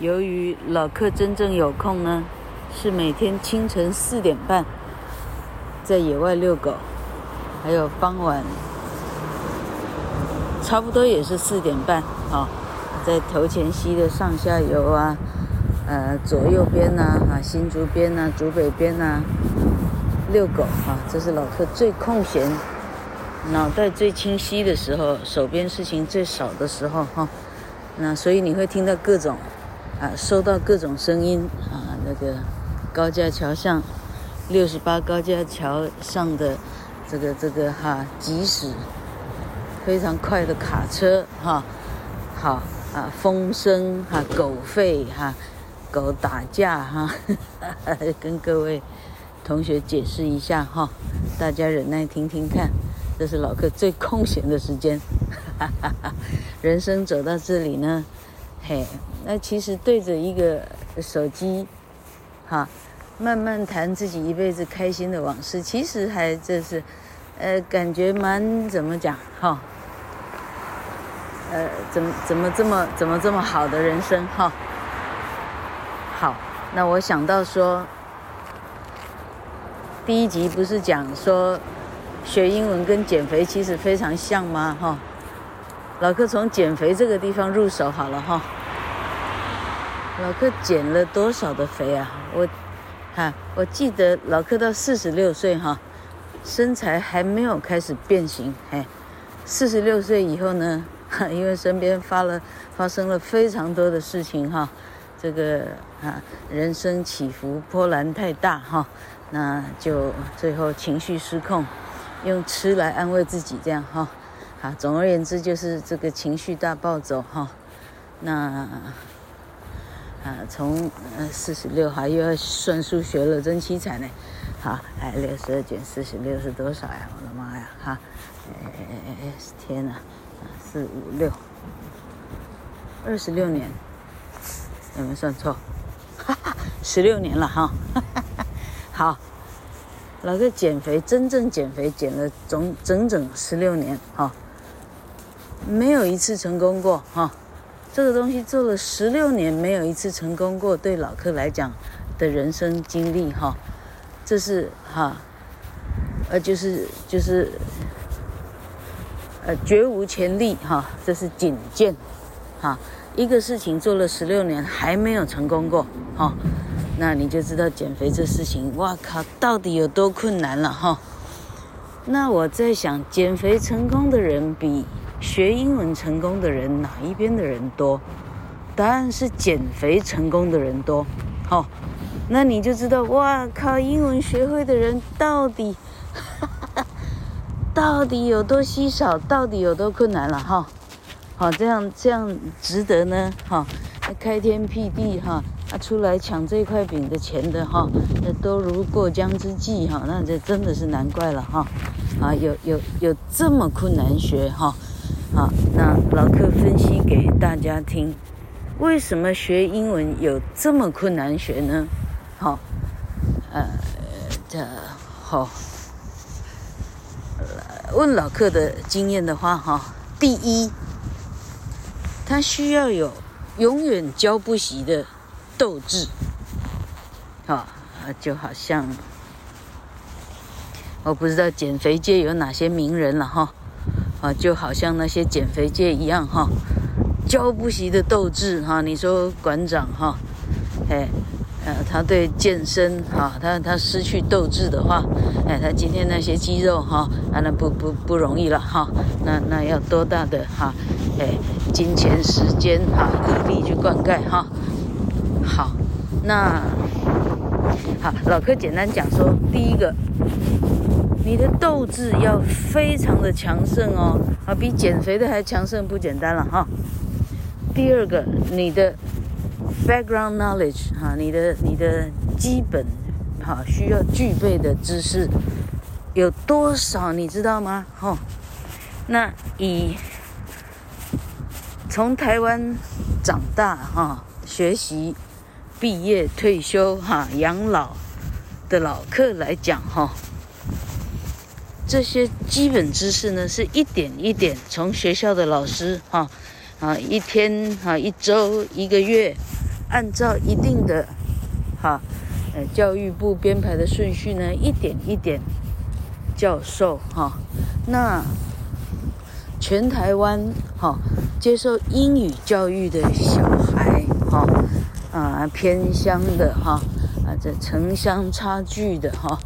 由於老克真正有空呢，是每天清晨四點半在野外遛狗，還有傍晚差不多也是四點半啊、哦，在頭前溪的上下游啊、呃左右邊吶、啊、啊新竹邊吶、啊、竹北邊吶、啊、遛狗啊，這是老克最空閒、腦袋最清晰的時候，手邊事情最少的時候哈、哦。那所以你會聽到各種。啊，收到各種聲音啊，那個高架橋上，六十八高架橋上的這個這個哈、啊，疾駛非常快的卡車哈、啊，好啊，風聲哈、啊，狗吠哈、啊，狗打架哈、啊，跟各位同學解釋一下哈、啊，大家忍耐聽聽看，這是老客最空閒的時間，哈哈哈人生走到這裡呢。嘿、hey，那其實對着一個手機，哈，慢慢談自己一輩子開心的往事，其實還真是，呃，感覺蠻怎麼講，哈、哦，呃，怎麼怎麼這麼怎麼這麼好的人生，哈、哦，好，那我想到說，第一集不是講說學英文跟減肥其實非常像嗎，哈、哦？老柯從減肥這個地方入手好了哈、哦。老柯減了多少的肥啊？我哈、啊，我記得老柯到四十六歲哈、啊，身材還沒有開始變形。哎，四十六歲以後呢，哈、啊，因為身邊發了發生了非常多的事情哈、啊，這個啊，人生起伏波瀾太大哈、啊，那就最後情緒失控，用吃來安慰自己這樣哈。啊好，總而言之就是這個情緒大暴走哈、哦。那啊，從四十六哈，呃、又要算數學了，真淒慘呢。好，哎，六十二減四十六是多少呀？我的媽呀！哈、啊哎哎，哎，天吶四五六，二十六年，有沒有算錯？哈哈，十六年了、哦、哈，哈。好，老哥減肥，真正減肥減了總整整整十六年哈。哦沒有一次成功過哈、哦，這個東西做了十六年，沒有一次成功過，對老克來講的人生經歷哈、哦，這是哈、哦，呃，就是就是，呃，絕無前例哈、哦，這是罕見哈，一個事情做了十六年還沒有成功過哈、哦，那你就知道減肥這事情，哇靠，到底有多困難了哈、哦。那我在想，減肥成功的人比。學英文成功的人哪一邊的人多？答案是減肥成功的人多。好、哦，那你就知道，哇靠！英文學會的人到底哈哈到底有多稀少？到底有多困難了、啊？哈，好，這樣這樣值得呢？哈、哦，開天闢地哈，啊、哦，出來搶這塊餅的錢的哈，都如過江之鯽哈，那這真的是難怪了哈，啊、哦，有有有這麼困難學哈？哦好，那老克分析給大家聽，為什麼學英文有這麼困難學呢？好、哦，呃，這、呃，好、哦，問老克的經驗的話，哈、哦，第一，他需要有永遠教不習的鬥志，哈、哦呃，就好像我不知道減肥界有哪些名人了，哈、哦。啊，就好像那些減肥界一樣哈，澆不熄的鬥志哈。你說館長哈，哎，呃，他對健身哈，他他失去鬥志的話，哎，他今天那些肌肉哈，啊，那不不不容易了哈。那那要多大的哈，哎，金錢時間哈，毅力去灌溉哈。好，那好，老柯簡單講說，第一個。你的鬥志要非常的強盛哦，啊，比減肥的還強盛不簡單了哈。第二個，你的 background knowledge 哈，你的你的基本哈需要具備的知識有多少你知道嗎？哈，那以從台灣長大哈，學習、畢業、退休哈、養老的老客來講哈。這些基本知識呢，是一點一點從學校的老師哈，啊，一天啊，一周一個月，按照一定的哈，呃，教育部編排的順序呢，一點一點教授哈。那全台灣哈接受英語教育的小孩哈，啊，偏鄉的哈，啊，這城鄉差距的哈，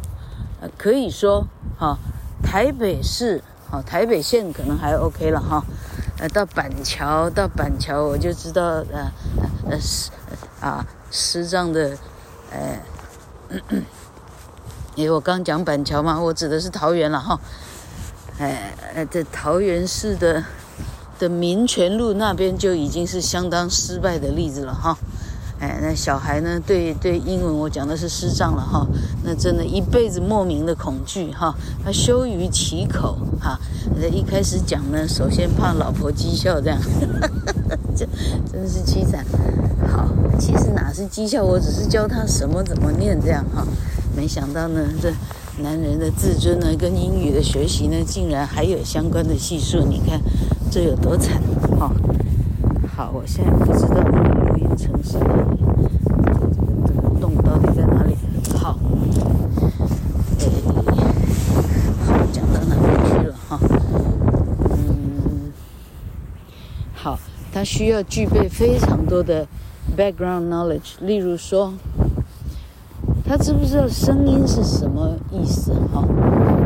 啊，可以說哈。台北市，哦，台北縣可能還 OK 了哈，呃，到板橋，到板橋我就知道，呃，呃，呃啊，西藏的，哎，嗯、嗯、因為我剛講板橋嘛，我指的是桃園了哈，哎、哦，哎，這桃園市的的民權路那邊就已經是相當失敗的例子了哈。哦哎，那小孩呢？對對，英文我講的是失賬了哈、哦。那真的一輩子莫名的恐懼哈、哦，他羞於啟口哈、哦。那一開始講呢，首先怕老婆譏笑這樣，呵呵這真是淒慘。好，其實哪是譏笑，我只是教他什麼怎麼念這樣哈、哦。沒想到呢，這男人的自尊呢，跟英語的學習呢，竟然還有相關的係數。你看這有多慘哈、哦。好，我現在不知道。城市的這個、這個、這個洞到底在哪裡？好，好，講到哪裡去了哈？嗯，好，他需要具備非常多的 background knowledge。例如說，他知不知道聲音是什麼意思？哈，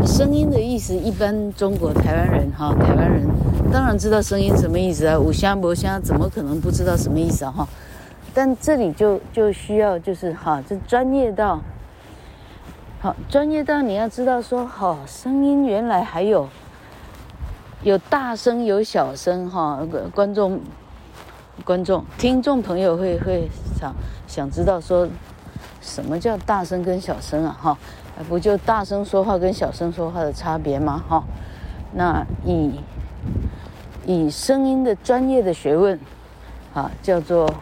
聲音的意思，一般中國台灣人哈，台灣人當然知道聲音什麼意思啊？五香博香怎麼可能不知道什麼意思啊？哈？但這裡就就需要、就是，就是哈，這專業到，好專業到，你要知道說，好聲音原來還有，有大聲有小聲，哈，觀眾，觀眾，聽眾朋友會會想想知道說，什麼叫大聲跟小聲啊，哈，不就大聲說話跟小聲說話的差別嗎？哈，那以，以聲音的專業的學問，啊，叫做。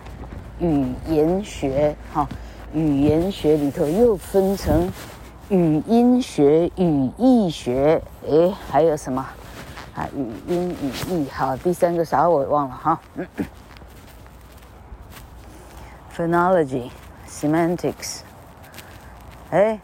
語言學，哈、哦，語言學裡頭又分成語音學、語義學，哎，還有什麼啊？語音語義，好，第三個啥我忘了哈。哦、Phonology, semantics，哎，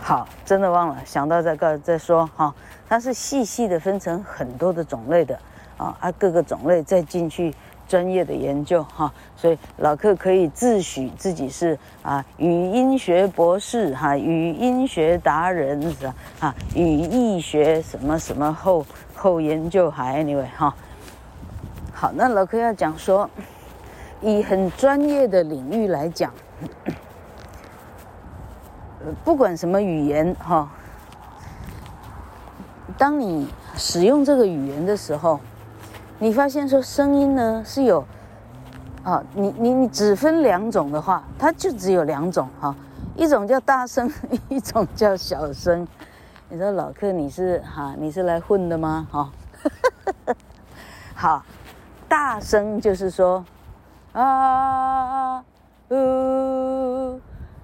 好，真的忘了，想到再告再說哈、哦。它是細細的分成很多的種類的，哦、啊，按各個種類再進去。專業的研究哈，所以老克可以自詡自己是啊語音學博士哈，語音學達人啊，語義學什麼什麼後後研究還 Anyway 哈。好，那老克要講說，以很專業的領域來講，不管什麼語言哈，當你使用這個語言的時候，你發現說聲音呢是有，啊，你你你只分兩種的話，它就只有兩種哈，一種叫大聲，一種叫小聲。你說老克你是哈，你是來混的嗎？哈，好，好，大聲就是說啊嗚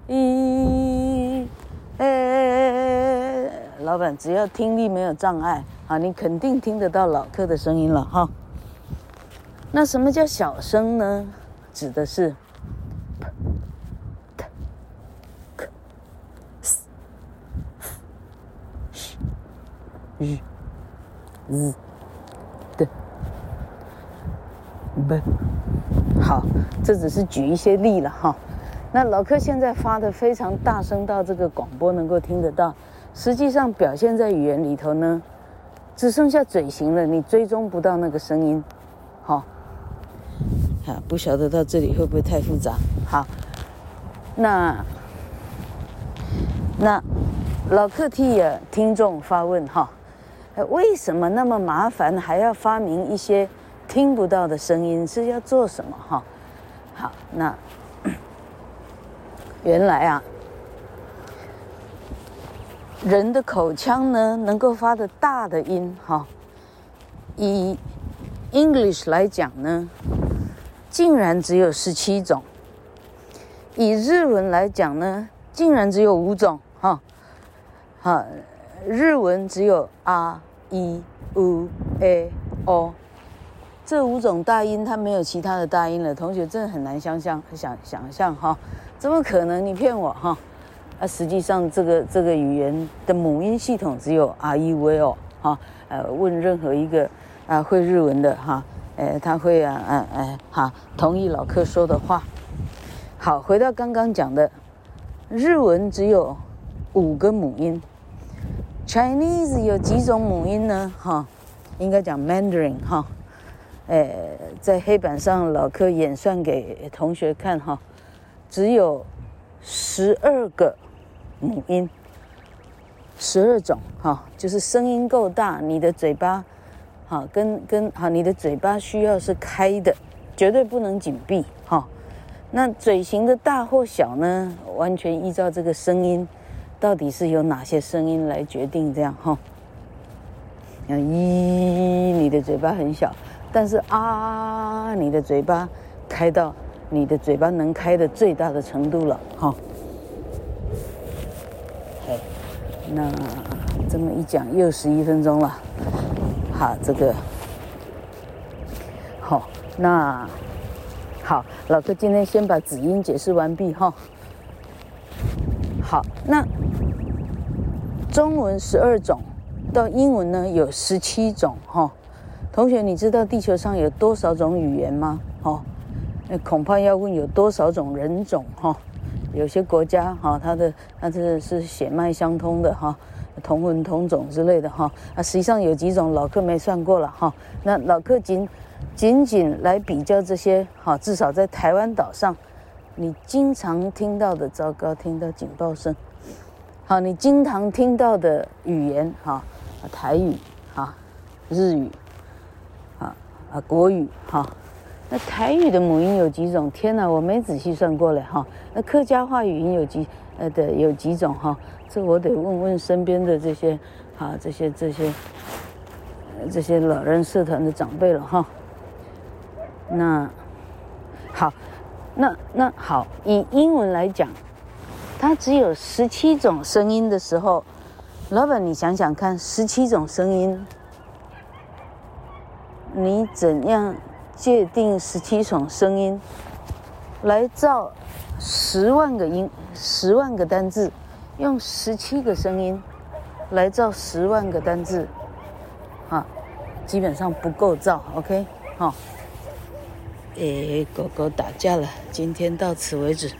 咦，哎哎哎哎哎，老闆只要聽力沒有障礙啊，你肯定聽得到老克的聲音了哈。那什麼叫小聲呢？指的是 s h u y u 好，這只是舉一些例了哈。那老客現在發的非常大聲，到這個廣播能夠聽得到。實際上表現在語言裡頭呢，只剩下嘴型了，你追蹤不到那個聲音，好。啊，不曉得到這裡會不會太複雜？好，那那老克替也聽眾發問哈、哦，為什麼那麼麻煩還要發明一些聽不到的聲音是要做什麼哈、哦？好，那原來啊，人的口腔呢能夠發的大的音哈、哦，以 English 來講呢。竟然只有十七種，以日文來講呢，竟然只有五種哈。哈，日文只有啊、一、烏、誒、哦這五種大音，它沒有其他的大音了。同學真的很難想象，想想象哈，怎麼可能？你騙我哈？啊，實際上這個這個語言的母音系統只有啊、一、烏、誒、哦哈。呃，問任何一個啊、呃、會日文的哈。呃、哎，他會啊，嗯哎，哎，好，同意老柯說的話。好，回到剛剛講的，日文只有五個母音，Chinese 有幾種母音呢？哈、哦，應該講 Mandarin 哈、哦。哎，在黑板上老柯演算給同學看哈、哦，只有十二個母音，十二種哈、哦，就是聲音夠大，你的嘴巴。好，跟跟好，你的嘴巴需要是開的，絕對不能緊閉。哈、哦，那嘴型的大或小呢，完全依照這個聲音，到底是由哪些聲音來決定？這樣哈，要、哦、一，你的嘴巴很小，但是啊，你的嘴巴開到你的嘴巴能開的最大的程度了。哈、哦，好，那這麼一講又十一分鐘了。啊，這個，好、哦，那，好，老哥，今天先把子音解釋完畢哈、哦。好，那中文十二種，到英文呢有十七種哈、哦。同學，你知道地球上有多少種語言嗎？哈、哦，那恐怕要問有多少種人種哈。哦有些國家哈，它的它這是血脈相通的哈，同文同種之類的哈啊，實際上有幾種老客沒算過了哈。那老客僅僅僅來比較這些哈，至少在台灣島上，你經常聽到的糟糕，聽到警報聲，好，你經常聽到的語言哈，台語哈，日語啊啊國語哈。那台語的母音有幾種？天哪，我沒仔細算過了哈、哦。那客家話語音有幾呃的有幾種哈、哦？這我得問問身邊的這些啊這些這些，這些老人社團的長輩了哈、哦。那好，那那好，以英文來講，它只有十七種聲音的時候，老闆你想想看，十七種聲音，你怎樣？界定十七種聲音，來造十萬個音，十萬個單字，用十七個聲音來造十萬個單字，啊，基本上不夠造，OK，好、哦，誒、欸，狗狗打架了，今天到此為止。